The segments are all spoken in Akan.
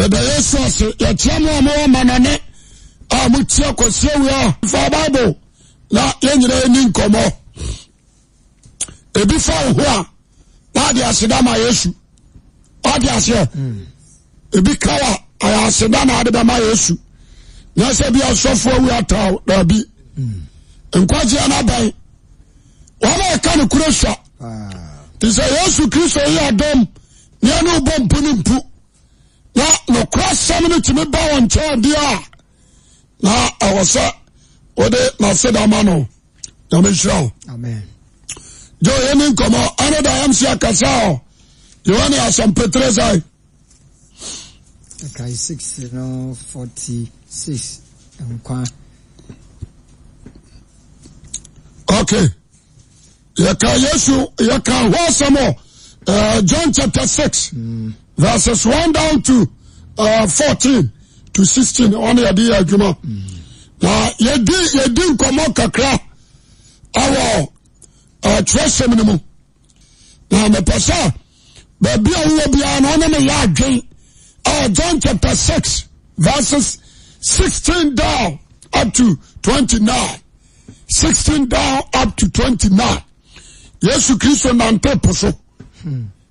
yɛda yesu ase yɛkyea mo a mowɔ manane a motia kɔsie wie a fa bible na yɛnyina ani nkɔmmɔ ebi fa wo ho a na ade aseda ma yesu ade aseɛ ebi ka a ayɛ aseda na ade bɛma yesu na sɛ bi asɔfoɔ wi ataw daabi nkwagyeɛ no bɛn wɔma ɛka no kuro sua nti ah. sɛ yesu kristo yɛ adɔm neɛ ne wobɔ mpo ne mpu na nokora sɛm no tumi ba wɔ nkyɛdeɛ a na ɛwɔ sɛ wode naseda ma no namehyirɛ wo jo yɛni nkɔmmɔ ɛne da yam se akasa ɔ yɛwɔ ne asɛmpetere sɛe Akai six forty six Okay, yɛka Yesu yɛka hɔ eh, John chapter six. Mm. verses 1 down to uh, 14 to 16 ɔne yɛde yɛ adwuma na yɛdi yɛdi nkɔmmɔ kakra awɔ uh, twerɛsɛm no mu na mepɛ sɛ baabi a wowɔ biara na ɔne meyɛ adwen uh, john chapter 6 verses 16 down up to 29 16 down up to 29 yesu kristo nante po hmm.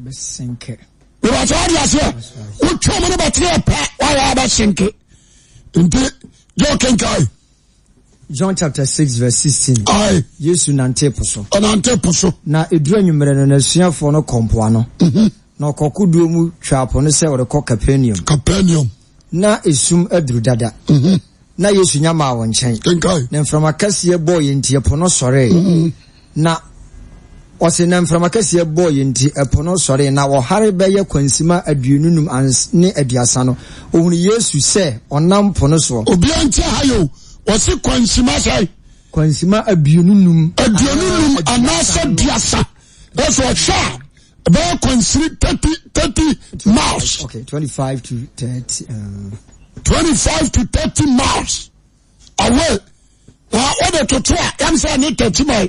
bɛsenke bibata wadi aseɛ wotwa mu no bɛtere pɛ wayɛ bɛsenke nti yɛ kenkae John chapter six verse sixteen. Aye. Yesu nante po Ɔnante po Na edura anwummerɛ no n'asuafoɔ no kɔ mpoa no. Mhm. Na ɔkɔko duo mu twa po no sɛ ɔrekɔ Capernaum. Capernaum. Na esum aduru dada. Mhm. Na Yesu nyama maa wɔn nkyɛn. Kenkae. Na mframa kɛseɛ bɔɔ yɛn ntiɛ po no sɔree. Mhm. Na ɔsi na mframa kɛseɛ bɔɔ yɛ nti ɛpo no sɔre na ɔhare bɛyɛ kwansima aduonu num ne aduasa no ohun yesu sɛ ɔnam po no soɔ. obiara nti aha yio wɔsi kwansima sɛn. kwansima aduonu num. aduonu num anaasɛ duasa ɛfɛ ɔhyɛ a bɛyɛ kwansiri thirty thirty miles. okay twenty five to thirty. Uh, twenty five to thirty miles away. wode totoa yamisɛ aneka tsimae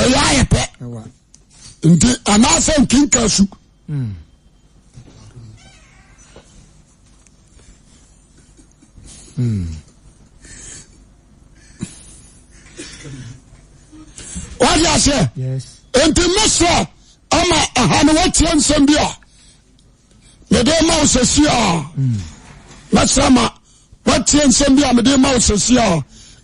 eyaaye pɛ inti anaaso inkinka su hmm. hmm. wajase inti meso ama ahane watie nsabi a mede mawosasia mesa ma watie hmm. nsambia mede ma wosasia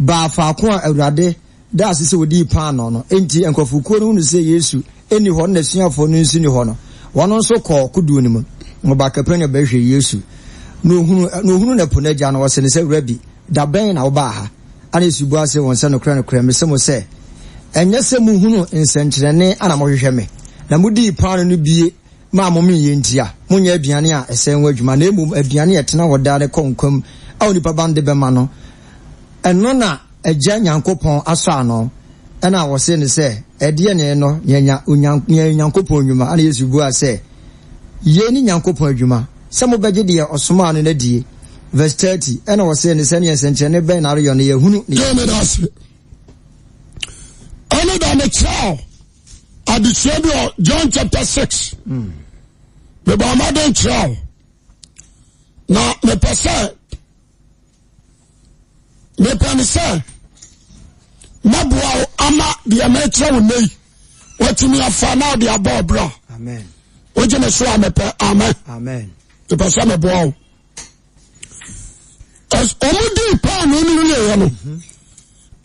baa faako a awurade da ase sɛ wɔdii paano no n'o enti nkurɔfokuo no hunu sɛ yesu ɛni hɔ no nasuafoɔ no nsi ni hɔ no wɔno nso kɔɔ koduo no mu ɔba kapernaum bɛhwɛ yesu na ohunu na po no agya no wɔse ne sɛ wura bi da bɛn na wobaa ha ana yesu bua sɛ wɔn sɛ nokorɛ nokorɛ me sɛ mo sɛ ɛnyɛ sɛ muhunu nsɛnkyerɛnne ana mohwehwɛ me na modii paano no bie ma momeyɛ nti a monyɛ aduane a ɛsɛn ho adwuma na mmom aduane yɛtena hɔ daa ne kɔ a onipa ba no de bɛma no ɛno na agya nyankopɔn asɔ ano ɛna wɔse ne sɛ ɛdeɛ ne no yɛ nyankopɔn adwuma ana yesu bua sɛ yei ne nyankopɔn adwuma sɛ mobɛgye deɛ ɔsomaa no no die verse thirty ɛna wɔse ne sɛ ne yɛnsɛnkyerɛne bɛn nareyɔ no yɛhunu ne ɛne da ne kyerɛ adesua bi wɔ john chapter six hmm. mebɔ amaden kyerɛ na mepɛ sɛ mepɛne sɛ mɛboa wo ama deɛ mɛkyerɛ wo nei watumi afa na wode abɔɔ berɛ wogye me so a mepɛ amen mepɛ sɛ mɛboa wo ɔmodii paano no noyɛyɛ no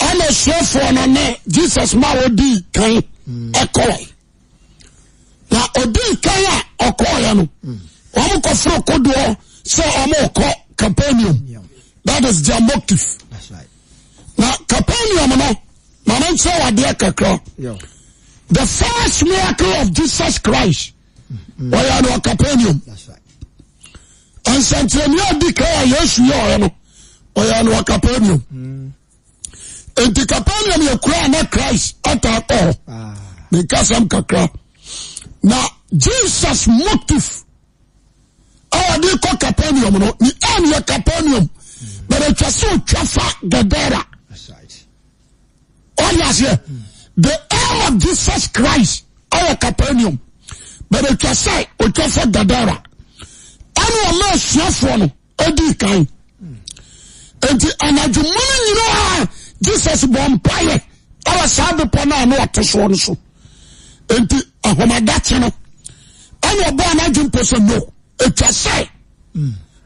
ɛna suafoɔ no ne jesus ma wɔdii kan ɛkɔe na ɔdii kan a ɔkɔɔeɛ no ɔmokɔforo kodoɔ sɛ ɔmokɔ capernaum that is their motive. That's right. Now, Capernaum, no, mama nkyerɛ wadeɛ kakra. The first miracle of Jesus Christ, wɔyɛ mm-hmm. no wɔ Capernaum. Nsɛnkyerɛnni a di kan a Yesu yɛ ɔyɛ no, ɔyɛ no wɔ Capernaum. Mm. the Capernaum you cry na Christ ata akɔ because ah. I'm kakra. Na Jesus motive a wɔde kɔ Capernaum no, ne ɛn yɛ Capernaum. twa sɛtwafa gadrasɛ the am of jesus christ awɔ capernaum but atwa sɛ ɔtwa fa dadara nmaasuafoɔ no di ka nti anadwomuno nyino a jesus bɔpayɛ w saadopɔnono toso no so nti hadaknonndweposon twa sɛ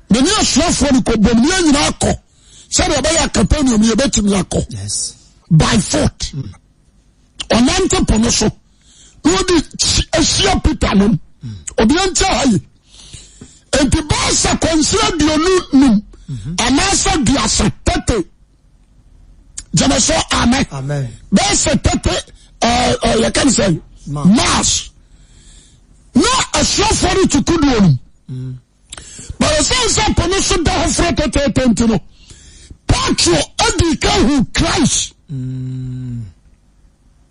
meni asuo fuo ni ko bonimie yina ako sebeobaya kapaniminiyebetimiyko by fort hmm. onante pono su ndi esie pete no obiente hayi inti bese konsire dionu nim amase diasa tete jemeso ame bese tete yekenise mas na asuo fuo ne tuku duorum bẹ̀rẹ̀ sẹ́ sẹ́ pẹ̀lú sọ́dọ̀ ọ̀fọ̀ tẹ̀tẹ̀tẹ̀ ntì nù you ẹ̀dì káhù Christ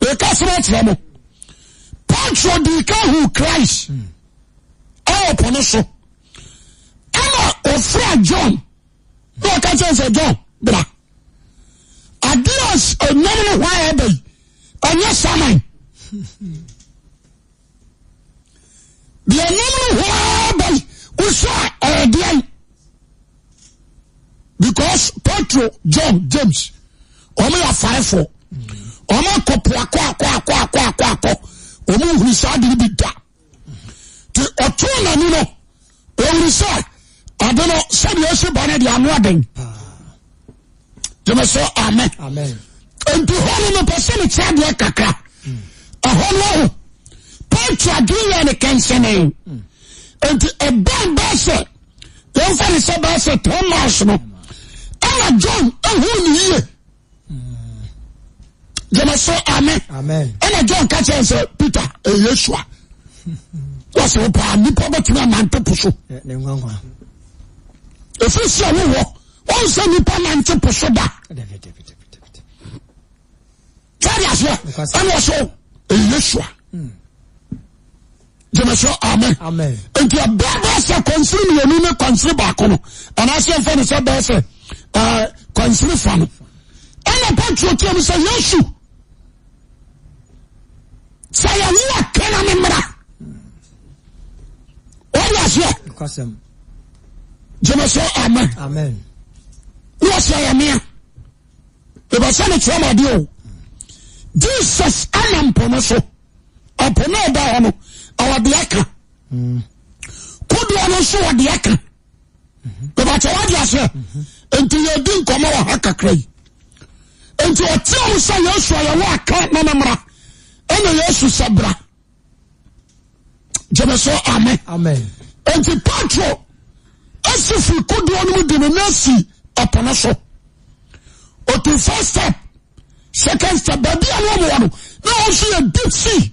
ẹ̀ka sọ́dọ̀ ẹ̀tẹ̀rẹ̀ mu pàtó ẹ̀dì káhù Christ ẹ̀wọ̀ pẹ̀lú sọ O ọ̀fọ̀ John ní ọ̀ka kyẹ́ sẹ́ John bìrà adidas ẹ̀nyẹ́mu ni wọ́n ayẹ́ bẹ́yì ẹ̀nyẹ́ sàmán bí ẹ̀nyẹ́mu ni wọ́n ayẹ́ bẹ́yì. wosoa ɛɛdea eh, because petro john james ɔmayafarefo ɔmakopo ak ɔmhurusa deri bida t ɔtoonani no wiruso adno sɛdso bane de moa den meso amen ntih no pɛsone ta deɛ kakra hnho petro aduye ne kensene ent eban base yemmfene se base tomase no ana john ahoni yiye jono so amen ana john ka ten se peter ayesua wasewo pa nip botumi amantepo so efesie wowo onse nipo amante po so ba fadia sa anwoso eyesua ɛr ɛnepa to sɛ yɛsu sɛ yɛwoakena nemra adeasoɛ gyamɛso m ne ɛsa yɛnea ibɛsɛ no tɛadeo jesus anampono so ɔpone ɔba hono awdea ka kodoɔ no so wdea ka twades ntiydinkoa akakrai ntiɔt so ysuywokana ysu se bra gameso ame nti pato sifri kodo nm denesi pnoso tfirs step seon step baian neso yasi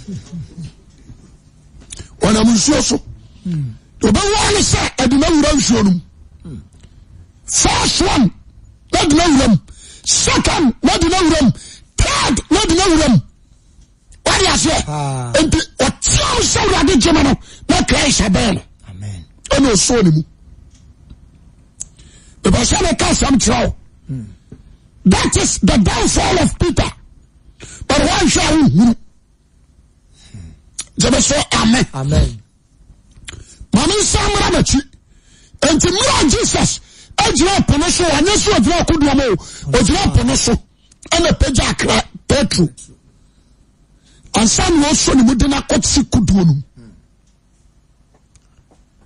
anam suo so obewne se aden wura snu first one ndinwra secon d tid nwa tsdegi akesade nsonmu ebasankasa kyerɛ hmm. thatis the donfal of peter buwseor eeso ame mame nsan maramati nti mera jesus ajira ponesyeipons npraato ansasonmudenkotsi kudon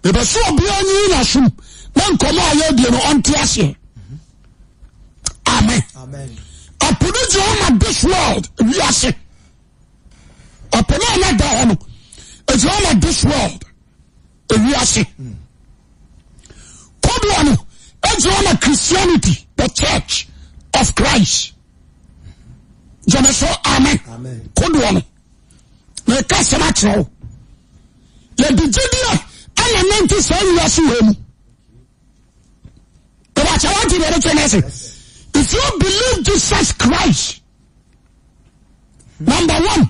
ebesuobi ynso koyed ontase ame apone ji oma dis world ise ɔpɛnɛ a nada hɔ no ɛgyina ma this world ewiase kodoa no ɛgyina ma christianity the church of christ gyina amen kodoa no na ɛka asɛm akyerɛ wo yɛde gyidi a ɛna nante saa wɔ mu if you believe jesus christ number one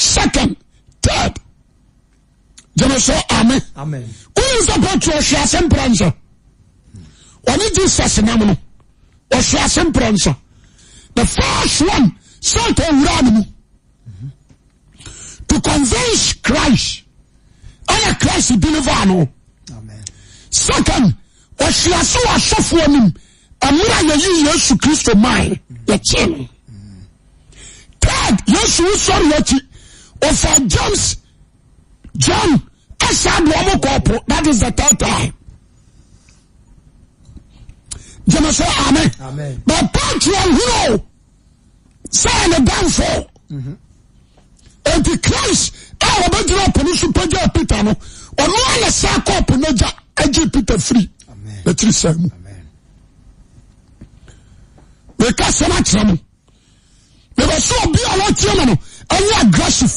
secon tird yenoso ame unsopotuseasem prense one jesesnamno seasem prense the first one setwurmmu to convense crist ye christ inan secon osease wasofonm amrayoyi yesu kristo ayk td yesuwo ofa james john asadoa mo kopo thatis he tat yemeso ame bupatah sane banfo enti crist abadimapono sopagya peter ɔnanesa koponoya aye peter fre nakiri samu ekasonkyeramu ebɛsoobiawtiemno aye aggressive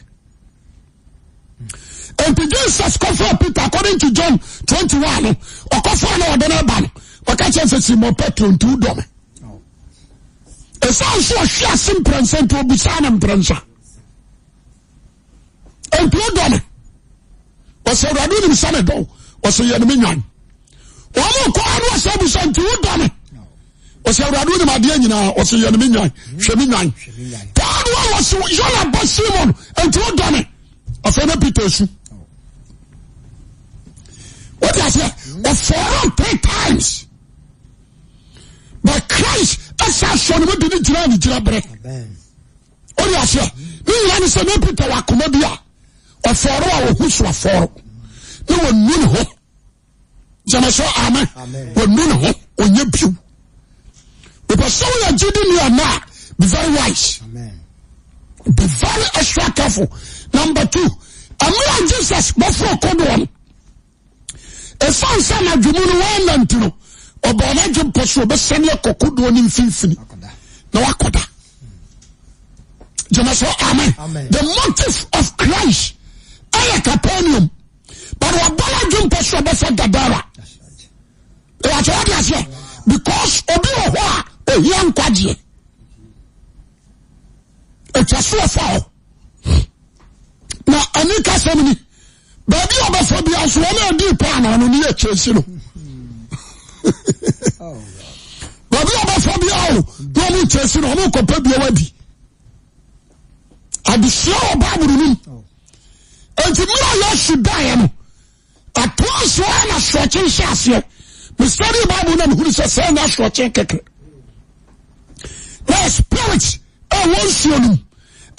nti jesus kɔfrɛ peter according to john 21 no ɔkɔfrɛ na ɔde no ba no ɔka kyerɛ sɛ simon petro nti o me ɛsiane so ɔhwe ase mprɛnsa nti ɔbusaa no mprɛnsa nti wodɔ me ɔsɛ awurade wonim sɛ ne dɔw ɔsɛ yɛne me nwan ɔma kɔa no ɔsɛ abusa nti wodɔ me ɔsɛ awurade wonim adeɛ nyinaa ɔsɛ yɛne me nwan hwɛ me nwan taa no a wɔse yɔna bɔ simon nti wodɔ me afei na peter su ds oforo tre times but crist se sonomobine iraeira bere meye sm pete oa for sidenn be very wise bevery asrakefo nue t a jesus moforo ko ɔsian sɛ na dwomu no wananturo ɔbane dwopɛ s bɛsɛmɛkɔkodoɔno mfifini na wɔda te motiv of christ ayɛ capanium b dwpɛ ɛsɛ aaaɛo baabi ɔbɛfa bia so ɔne dipaana no nyakyasi no bai ɛfa ekyasieaadi adesiɛbible no nti meyaase daɛ no aosna srɛkye hɛ seɛ ed leɛsɛnak aspirit wonsino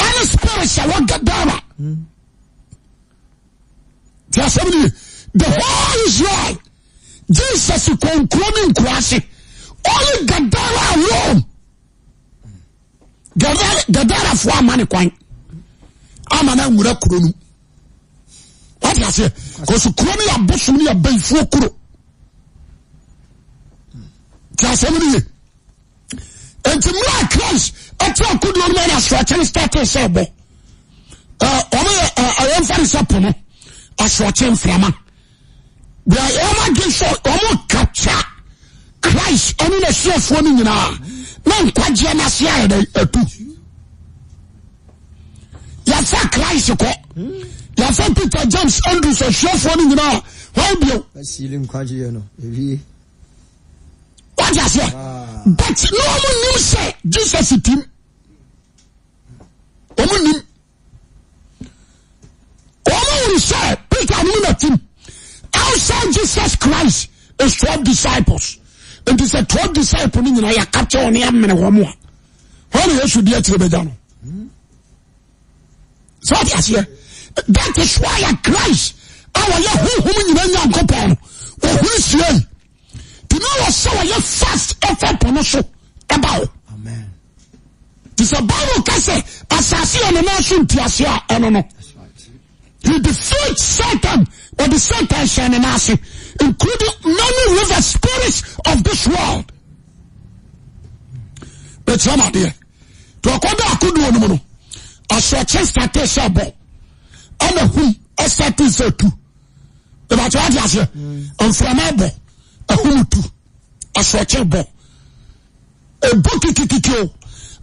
ne spirit awogadaba tí a sẹ́mi nìyẹn the whole Israel Jesus kò nkuro ní nkuro ase only Gadara alone Gadara Gadara fo ama ne kwan amana na nwura kuro no wàtí ase kòsì kuro no yà bọ́sùn no yà bẹ́yì kuro tí a sẹ́mi nìyẹn nti mìíràn Christ ẹ ti ọkùnrin ọmọ náà sọ̀rọ̀ kyẹn start ẹ sẹ́ ẹ bọ̀ ẹ ọmọ yẹ ẹ ẹ yẹn fari sẹ́ pọ̀ náà asoɔkye mframa bia wɔn adi so wɔn kapcha Christ ɔno na suafoɔ no nyinaa na nkwagyeɛ no ase ayɛ dɛ atu yɛfa Christ kɔ yɛfa Peter James Andrew Andrews asuafoɔ no nyinaa wɔn bio wagye aseɛ but na wɔn nim sɛ Jesus tim wɔn nim. He said, Peter and the team, outside Jesus Christ is 12 disciples. And it's a 12 disciples in your capture on the amene wamua. Holy Yesu di etire beja no. So what is here? That is why Christ, our Yahoo, whom you know, Kopon, for who is here. To know what so I first ever promotion about. Amen. This is a Bible case, as I see on the nation, He defeats Satan or the Satan son in us, including many river spirits of this world. But some are there. To a quarter I could do no more. I saw chest at a sabo. And a whom I start to say too. The Bachelor has here. And from a bo. A whom too. I saw chest bo. A book kikikikio. Oh.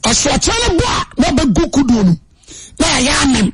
I saw chest bo. Not the good could do no. Now I am him.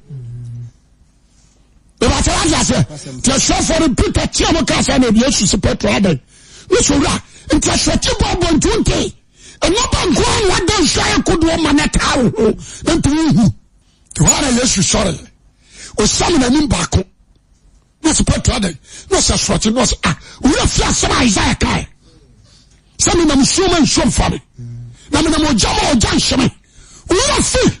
ìwà sẹ wá di ase tí a sọ fọdù Peter tí a mọ ká sẹ ẹnìyẹn Yesu sí Petro adé ní sòwúrà nti a sọ tí bọ bọ ntúntì ẹnọba nkọ àwọn adé nsọ ayé kodo ọmọ náà tá a wò ó ntúwì hù ìwà rẹ Yesu sọ̀rọ̀ ọsàn nà ní baako ní sọ Petro adé ní ọsẹ sọtì ní ọsẹ ah òwúrọ̀ fi asẹm Isaiah ká ẹ sẹmi nà mo sọ ma nsọ nfa mi nà mi nà mo ọjà ma ọjà nsọ mi òwúrọ̀ fi.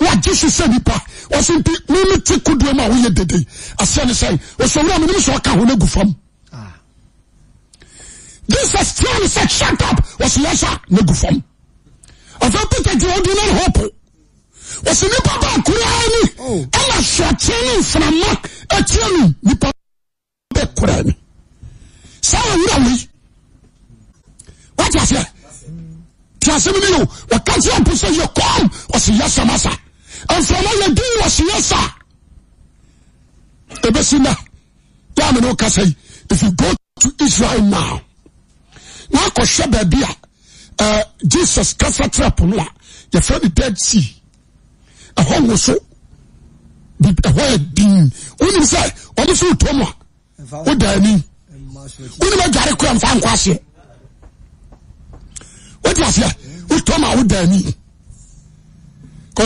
wagye so sɛ nipa ɔsɛ nti meme te kodoɔ mu a woyɛ dede aseɛ ne sɛ ɔsɔwura menim sɛ ɔka ho no agu fam jesus tia ne sɛ shut up ɔsɛ yɛsa no agu fam ɔfa peter gye ɔdu no ne hɔpo ɔsɛ nipa baa koraa ni ɛna soɔkye ne mframa atia no nipa bɛ koraa ni saa ɔwura wei wate aseɛ tiasɛm ne yo wɔka kyerɛ po sɛ yɛ kɔm ɔsɛ yɛsamasa ɛmframa yɛdin wɔseyɛ sa ɛbɛsi na yɛame ne woka sɛi if you go to Israel now na akɔhwɛ baabi a uh, Jesus kasa kyerɛ po no a yɛfrɛ no Dead Sea ɛhɔ wo so ɛhɔ yɛ din wonim sɛ ɔde so wotɔ mu a woda ani wonim adware koa mfa nkɔ aseɛ wode aseɛ wotɔ mu a woda ani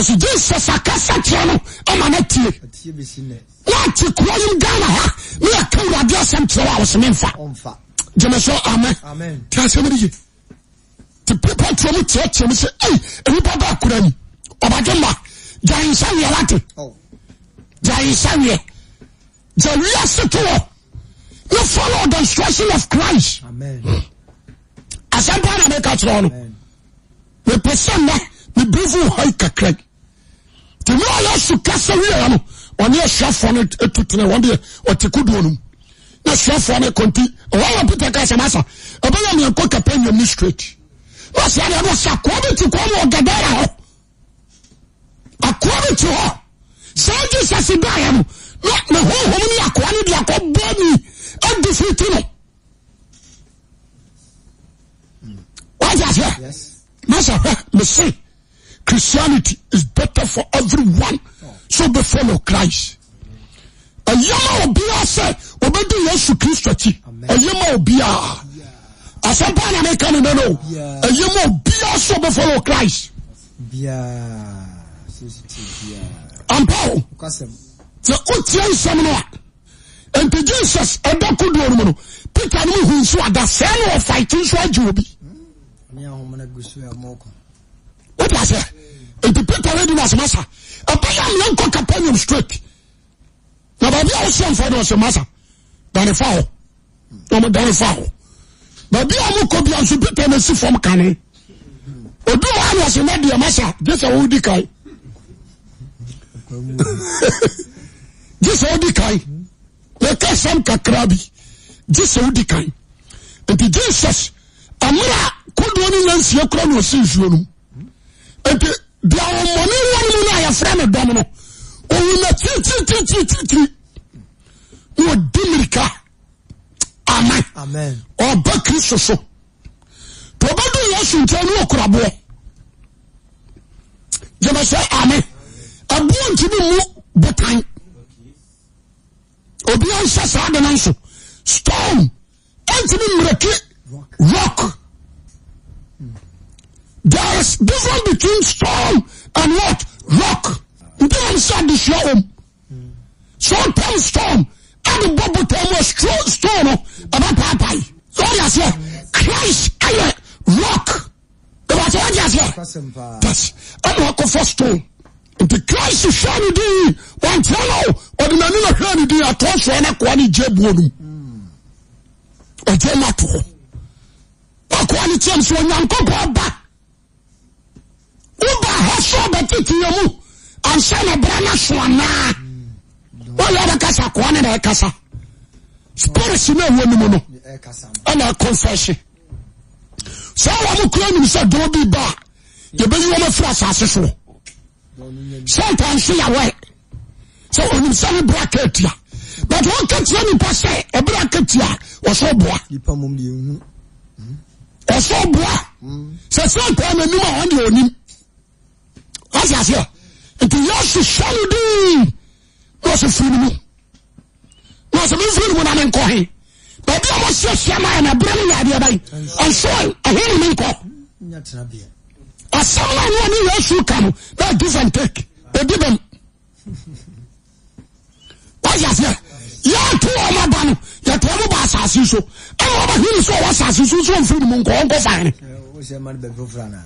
so jesus akasa tia no amana tie netekoa i ah mekarbsem tersmefa ssa a i seto me follo the stration of christ sm panmka sebkakr tìmí ọ̀yà suka sẹ́wí ẹ̀yà no ọ̀ní ẹ̀sùafọ̀ ni etu tẹ̀lé wọ́n deɛ ọ̀tí kú dùn ọ́num ní ẹ̀sùafọ̀ ni kọ̀ntì ọ̀wọ́n yà pété ká ẹ̀sẹ̀ masa ẹ̀bẹ̀ yà mìíràn kọ́ kẹ̀pẹ́ yẹn mi straight wọ́n sẹ́ ẹ̀dá ọ̀sẹ̀ akọ́bí ti kọ́ ọmọ ọ̀gẹ̀dẹ̀rẹ̀ hɔ akọ́bí ti hɔ sẹ́ẹ̀jì sẹ́sì bá yà no na hóhóm ni akọ́wá ni diakọ́ bọ́ọ̀mì ẹ̀dì fi e ti nù wọ́n ti àfẹ́ masa hwẹ́ mẹ́sìn. christianity is better for everyone sobefollo christ yama obia sɛ ɔbɛdu yesu kristo ati ymaobia asapa nmka neod aymabia sɛbefol chris pa s wotia nsɛm no a nt jesus ɔdkodrmuo peter no m hu nsoada sɛ no ɔfai te soagiobios nti peter wey di wasi masa ɛpɛ yà mìíràn kɔ capernaum straight na baabi a wosi nfa de wasi masa dani fa hɔ na ɔmo dani fa hɔ baabi a ɔmo kɔ bia nso peter na si fam kane obi wa ni wasi na diɛ masa jesa wo di kan jesa wo di kan yɛ ka sam kakra bi jesa wo di kan nti jesus amuna kodoɔ ni nansie kura na osi nsuo no nti. biaomone wanimu n ayefre ne domuno owina tiriitiri modi mirika ame oba kristo so tobado ye senta no okoro boo yabeso ame abuo ntimi mu bo tan obinso saa denan so stom entimi mmiratu rock thereis difference between ston and at roc aes so ston ae woba hɔ so bɛteteɛ mu ansa na bra no so anaa woyɛ bɛkasa koa ne na ɛkasa spirit no awɔ no mu no ɛna ɛconfession sɛ wɔ mo kura nim sɛ dɔɔ bi ba a yɛbɛyi wɔm afiri asase soɔ sɛ ntanso yɛwɛ sɛ ɔnim sɛ ne bra ka atia but wɔka tia nipa sɛ ɛbra ka tia ɔsɛ boa ɔsɛ boa sɛ sɛ ntaa n'anim a ɔne ɔnim wáṣí aseɛ nti yɛsi sɔni dii n'ɔsi firi ni mu n'ɔsi mi firi ni mu na mi nkɔ he baabi a wɔsi ahyia maa na abira mi yɛ adeɛ bayi ɔnso ɛhe ni mi nkɔ asam naa ni wɔn ni yɛsu ka no na give and take ebi bɛm wáṣí aseɛ yɛtu wɔn aba no yɛtu wɔn ba asase so ɛna wɔn ba hiri so ɔwɔ asase so so wɔn firi ni mu nkɔ wɔn kɔ fain.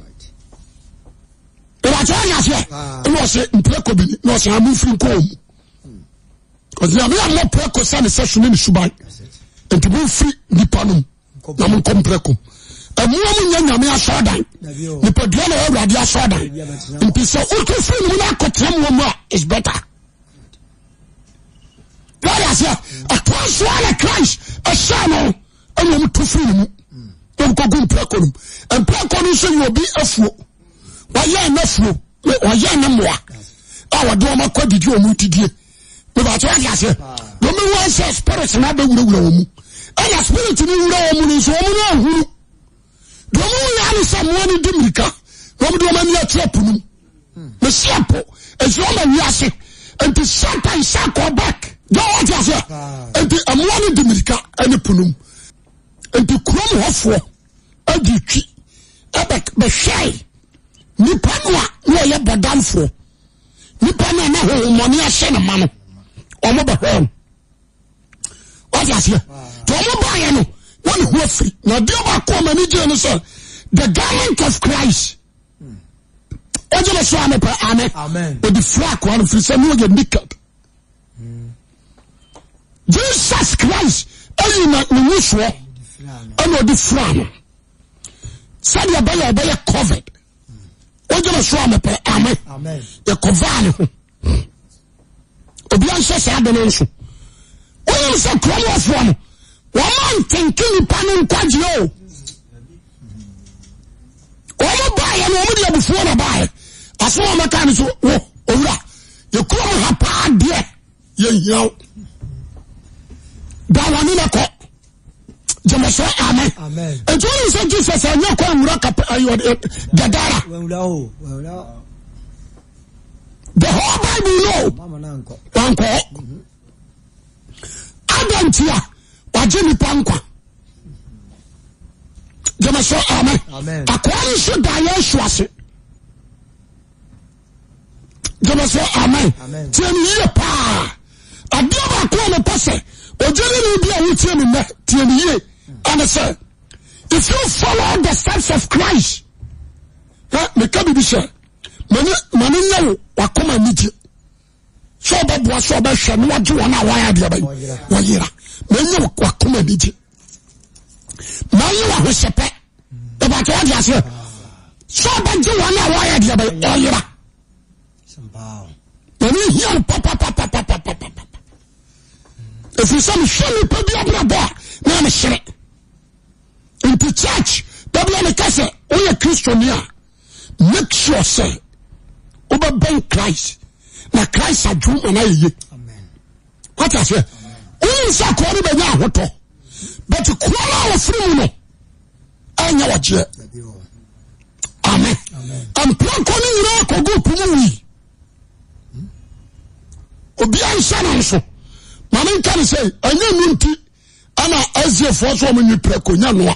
ìwàjọ ọ̀yà fẹ́ ẹni ọ̀sẹ̀ mpẹ́kọ̀ bi ní ọ̀sẹ̀ àmú fún kọ́ ọ̀mù ọ̀sẹ̀ àmì àmọ́ pẹ́kọ̀ sani sẹ́sùn ní ní ṣùgbọ́n ètò bí firi nípa nù nà mú nkọ́ mpẹ́kọ̀ ẹ̀mú ọmú nyẹ nyàmé asọ́ọ̀dàn nípa dùn ọ̀nà ọ̀rọ̀ adé asọ́ọ̀dàn mpì sọ òkè fún mi ní akọ̀tẹ́ mu ọmọ a is better lọ́ọ̀yà fẹ́ ẹ̀tọ́ aṣọ àlẹ́ Christ ẹ̀ṣẹ́ àná ẹ̀yẹ mu tó fún mi mu ẹ̀mú hmm. kọ́kọ́ mpẹ́kọ̀ nù mpẹ́kọ̀ nù sọ yẹ obi ẹ̀fọ́ wɔyɛ anafuo wɔyɛ ne mmoa a wɔde wɔn akɔ didi wɔn tidie bibate wɔde aseɛ wɔn mu wɔn sɛ spirit na abɛwurawura wɔn mu ɛna spirit ni wura wɔn mu nso wɔn mu ahuru deɛ wɔn yɛ alisa mmoa no di mirika na wɔn de wɔn ani akyerɛ po no mɛ si apo esi wɔn ani ase nti satan sakɔ back deɛ wɔde aseɛ nti mmoa no di mirika ɛne po no nti kurom hɔfoɔ adi twi ɛbɛ bɛhwɛɛ nipa no a ɔyɛ bɔdamfoɔ nipa no a na hohomɔne ahyɛ ne ma no ɔmo bɛhwɛ no wate aseɛ nti ɔmo baayɛ no wɔne ho afiri na deɛ ɔbaako ɔma ne gyee no sɛ the garment of Christ ɔgye me so ame pɛ ame ɔde firi akoa no sɛ ne ɔyɛ naked Jesus Christ ayi na ne wusoɔ ɛna ɔde firi ano sɛdeɛ ɛbɛyɛ ɔbɛyɛ covered wogyina so a mepɛ ame yɛkɔvaa ne ho obia nhyɛ saa de no nso wonim sɛ kuromɔfoɔ no wɔma ntenke nnipa no nkwagyeɛ o wɔmo baeɛ no wɔmo de abufuo na baeɛ asom a mɛka no so wo owura yɛkurom ha paa deɛ yɛhia wo da wɔne na kɔ jẹmẹsọ amen ètò wọn sọ jesus ẹ ní ẹkọ nwura kapa ayọ dadara the whole bible no wankọ adam tia wàjẹ nípa nkwa jẹmẹsọ amen akọrin sọ dayẹ ẹsọ ase jẹmẹsọ amen tiẹ ní yíyẹ paa adeẹ baako ọmọ pẹsẹ ọjọ nínú ibi àwọn tiẹ nínú tiẹ nìyẹ. anese if you follow the steps of christ meka bibse mane yeo akomen oeseed obe eneed yera ene fseee pa eere e church bɛbia neka sɛ woyɛ kristone a matɔ sɛ wobɛbɛn cris na crist awow mano yɛye ɛ onnsa ko e bɛnya hoɔ but karɔfremu no nyɛ eɛ mpra n yiakg pomu wanaeaɛannaafoɔ sepaa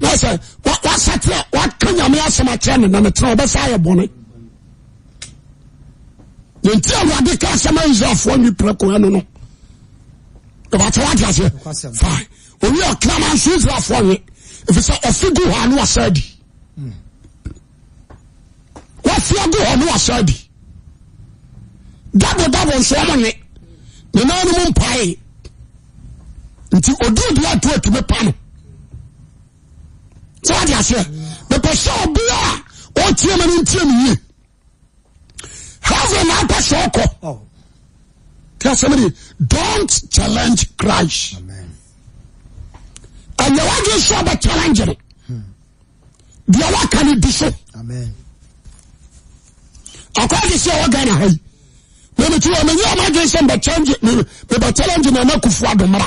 nasɛ wasateɛ waka nyame asɛm akyerɛ ne nane tena wɔbɛsa yɛ bɔne nti awurade ka asɛm a israelfoɔ nwi pra koa no no ɛbɛte wade aseɛ fine owi ɔkrama nso israelfoɔ nwe ɛfiri sɛ gu hɔ ano wasa adi wafia gu hɔ no wasa adi dabo dabo nso ɔmo nwe ne nan no mu mpae nti odi odi ato atumi pa no tí wọ́n di aseɛ pẹpẹ sɛ obi a ɔtie mu ni ntie mu yie heaven apɛ sɛ ɔkɔ tí a sɛ mi di don't challenge Christ ɛnyɛ wájú sɔ bɛ challenge rẹ deɛ waka ni di so akɔɔdi sɛ ɔwɔ Ghana ha yi mɛ mi ti wɔ mɛ nyɛ ɔmá gé sɛ mbɛ challenge mɛ eh, bɛ challenge na ɔmá kufu adomra.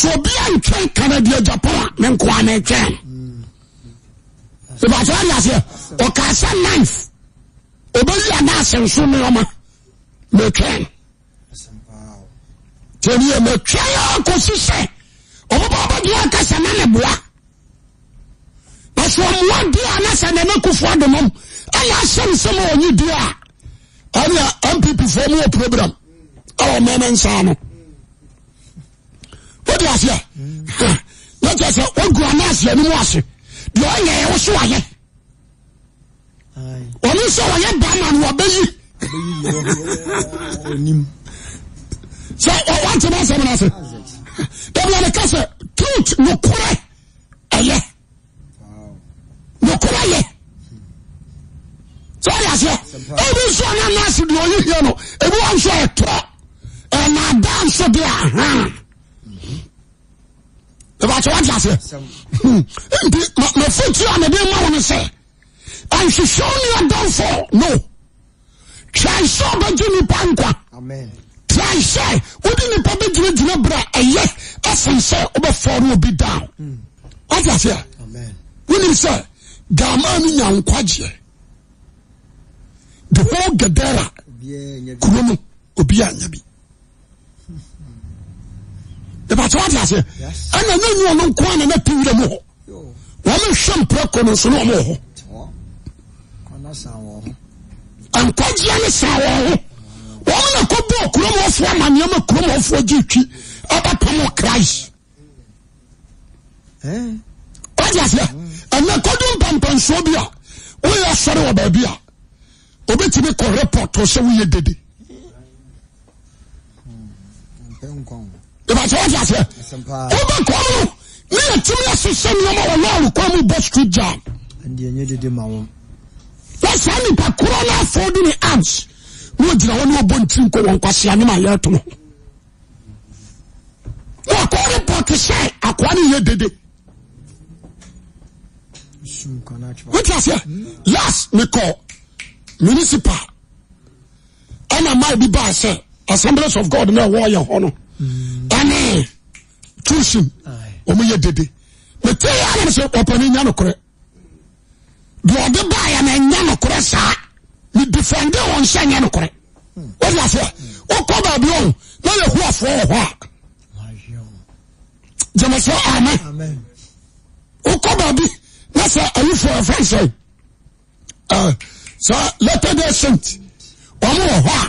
sɛ obi a ntwɛn kanadia japan a me nkoa ne twɛn ìbàtò ayé aseɛ ɔka sɛ knife obɛyi ana asenso ne ɔma me twɛn tẹ̀lé ẹ̀ me twɛn a kò sisɛ ɔbɛbɛ ɔbɛdi akasa na ne boa ɛsɛ ɔmoa di a anasa na ne kofu adomam ɛyɛ ahyɛ nsɛm a ɔnyi di a ɛna npp fo mu program ɛwɔ oh, mɛmɛ nsa no wode aseɛ nɛkyɛ sɛ wogu ana aseɛ no mu ase deɛ ɔyɛ wo so wayɛ ɔno sɛ wɔyɛ bama no wɔbɛyi sɛ wante ma asɛm no ase dabia ne ka sɛ truth nokorɛ ɛyɛ nokorɛ yɛ sɛ wode aseɛ ɛbi nso ana ana ase deɛ ɔyɛ hia no ɛbi wa nso ɛtorɔ ɛnaadaa nso deɛ ahaa ìbàtí wọ́n ti àṣẹ. nti mẹ fún tí a nàdé mọ wọn sẹ àìsísẹ́ ó ní ọdọ́fọ̀ no tíráìsẹ́ ọba jẹ́ nípa nkwa tíráìsẹ́ ó di nípa bẹ́ẹ̀ gyinagyina bẹ̀rẹ̀ ẹ̀yẹ ẹ̀sìn sẹ́ ọ bẹ fọ́ọ̀rọ̀ obi down. wọ́n ti àṣẹ wọ́n ní sẹ́ gàmá mi yà nkwájẹ́ the whole Gadara kurom obi yà nyà bi ìbàtí wàá di ase ẹnna ní ìyẹn ọ̀nà nkọ́ àná pín wíra mu họ wọ́n mi hwẹ́ mpẹ́kọ̀ ní nsọ́nà ọmọ ọ̀họ́ nkwagyeɛ ne san wọ́n ho wọ́n mi nà kó bọ́ kurom ọ̀fọ̀ ama nneɛma kurom ọ̀fọ̀ gye twi ọba pam wọ Christ wàá di ase ẹnna kọ́dún mpampansuo bi wọ́n ìbàtí wọ́n ti àṣẹ. ó bá kọ́ ọ́ ní ẹ̀tí ẹ̀sìnṣẹ́ ní ọmọ wọn lọ́ọ̀rù kọ́ mu bọ́ street jam. ẹni ẹni dìde ma wọn. wọ́n sá nípa kúrọ́ náà fọ́ọ́dù ní arms ní o jìnnà wọn ní ọbọ̀ ntí nkọ wọn kwasi àní màá yẹ ẹ̀ tó wọ́n kọ́ rìpọ́tì sẹ́ àkọ́ ni yẹ dédé. wọ́n ti àṣẹ last mi kọ́ municipal ẹ̀na máa bí bá a sẹ́ Assemblies of God náà wọ́ọ̀ yẹ họ́ ane torsin omeye dede metyayesoopane yanokre bode ba yan yanokre saa medefende oseyenokr okbabi yhoa foh emeso am wokobabi nese afoafrenss letedesent mhofuh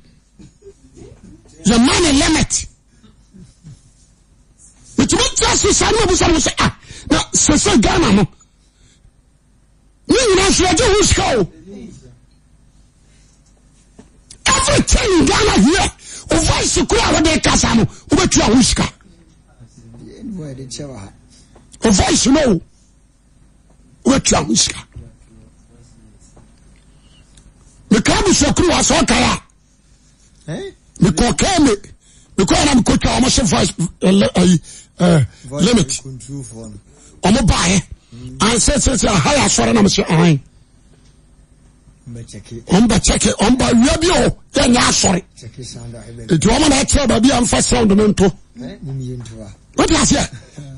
your money limit ètùmí tí a sè sá ní ebusa ní sè ah na sèse Ghana no ní nyina sè ẹjẹ sika o everything in Ghana here o voice kura a wọ́n de kasa no o bẹ tu a hu sika o voice no o o bẹ tu a sika mẹka abusua kuru wa sọ eh? mekɔ kaa me mekɔ na mekɔtwa ɔmo se voice limit ɔmo baeɛ ansɛ sɛsɛ aha yɛ asɔre na mese ahan ɔmo bɛkyɛke ɔmo ba wia bi o yɛnyɛ asɔre nti ɔmo na ɛkyerɛ baabi a mfa sound no nto wote aseɛ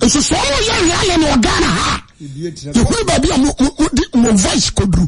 nsusua wo yɛ wia yɛ ne ɔghana ha yɛhuru baabi a mo voice kɔduru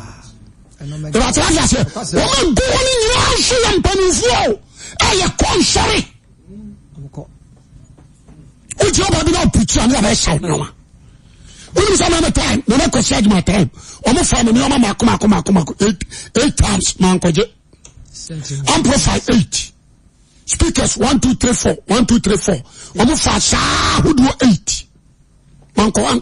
ìbàtí wájú àṣẹ wọn bẹ wọn ni nyinaa ṣe yẹ mpanimfoɔ ẹ yẹ kọ nsọrí o jẹ ọba bi náà pìtì àná yàrá ẹsẹ ọmọ wa wọn ni sábà mi time ní ọmọ kò sí àjùmọ̀ time ọmọ fà mí ní ọmọ mako mako mako mako eight times máa ń kọjá amplify eight speakers one two three four one two three four ọmọ fà sáà ahodoɔ eight máa ń kọ wá ń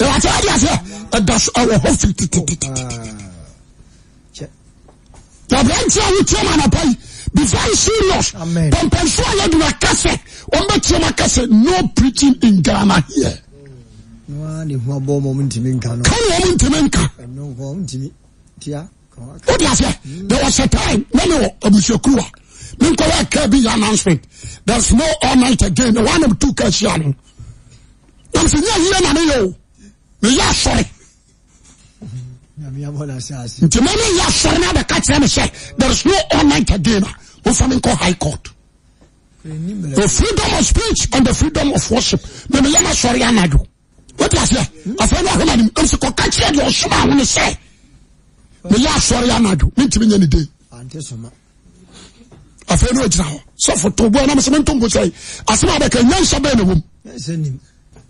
ɛwɔte ade aseɛ ɛda so ɛwɔ hɔ fi titititi aberanteɛ a wotie ma anapa yi be very serious pɔmpɔnso a yɛde no aka sɛ ɔmbɛtie m aka sɛ no preaching in Ghana here kane ɔm ntimi nka wode aseɛ there was a time na mewɔ abusuakuruwa menkɔwɔ aka bi yɛ announcement There is no all night again one of two ka hyia no am sɛ yie na meyɛ o meyɛ asɔre nti mɛ ne yɛ asɔre na bɛka kyerɛ me sɛ there is no online again a wofa me nkɔ high court the freedom of speech and the freedom of worship na meyɛ no asɔre anadwo wote aseɛ afei ne ahoma nim ɛm sɛ kɔka kyerɛ deɛ ɔsoma wo ne sɛ meyɛ asɔre anadwo mentimi nyɛ ne den afei ne ɔgyina hɔ sɛfo to boa na mesɛ mentompo sɛ asɛm a bɛka nyansa bɛɛ na wom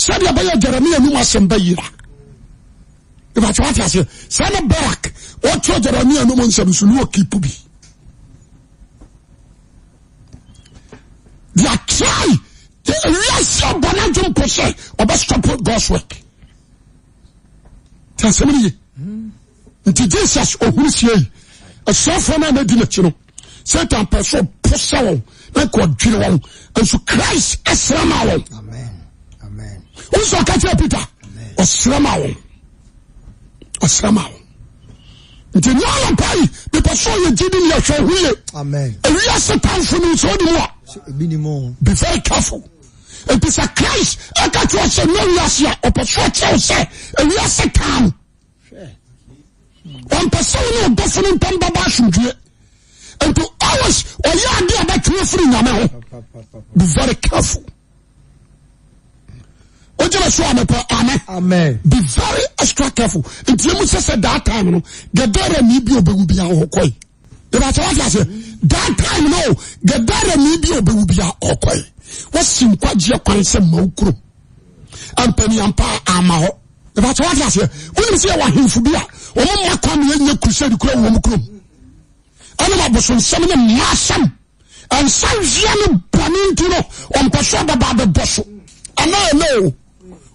se d beyo jeremia num sem bayera sene bara toermia seokib n os eso goswese crist serama o oso kate peter srma o sr nnpa psym ta se asa ta pso n fono ba sde n fri ya ver af ogyina so a mepɛ ame be very extra careful ntiamu sɛ sɛ daa time no gadara ni bi obɛwu bia ɔkɔe yɛbɛsɛ wate aseɛ daa time no gadara mi bi obɛwu bia ɔkɔe wasi nkwagyeɛ kwan sɛ ma wo kurom ampaniampa ama hɔ yɛbɛsɛ wate aseɛ wonim sɛ yɛwɔ ahemfo bi a ɔmo ma kwan ne yɛnya krusade kura wɔ m kurom ɛnam abosonsɛm ne mmaasɛm ɛnsa wia no bɔne nti no ɔmpɛ so ɔbɛba abɛbɔ so anaa ɛnɛ o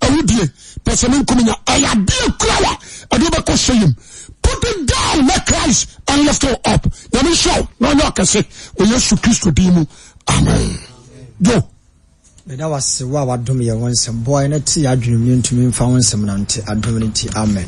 awudie pɛsɛ ne nkomi nya ɛyɛ adeɛ kura wa ɛde bɛkɔ hyɛ yim put it down let Christ and lift it up nyame nhyɛw na ɔnyɛ ɔkɛse wɔ Yesu Kristo din mu amen jo. meda wase wo a wadom yɛ wo nsɛm boae na te yɛ adwenem ne ntumi mfa wo nsɛm nante adom no nti amen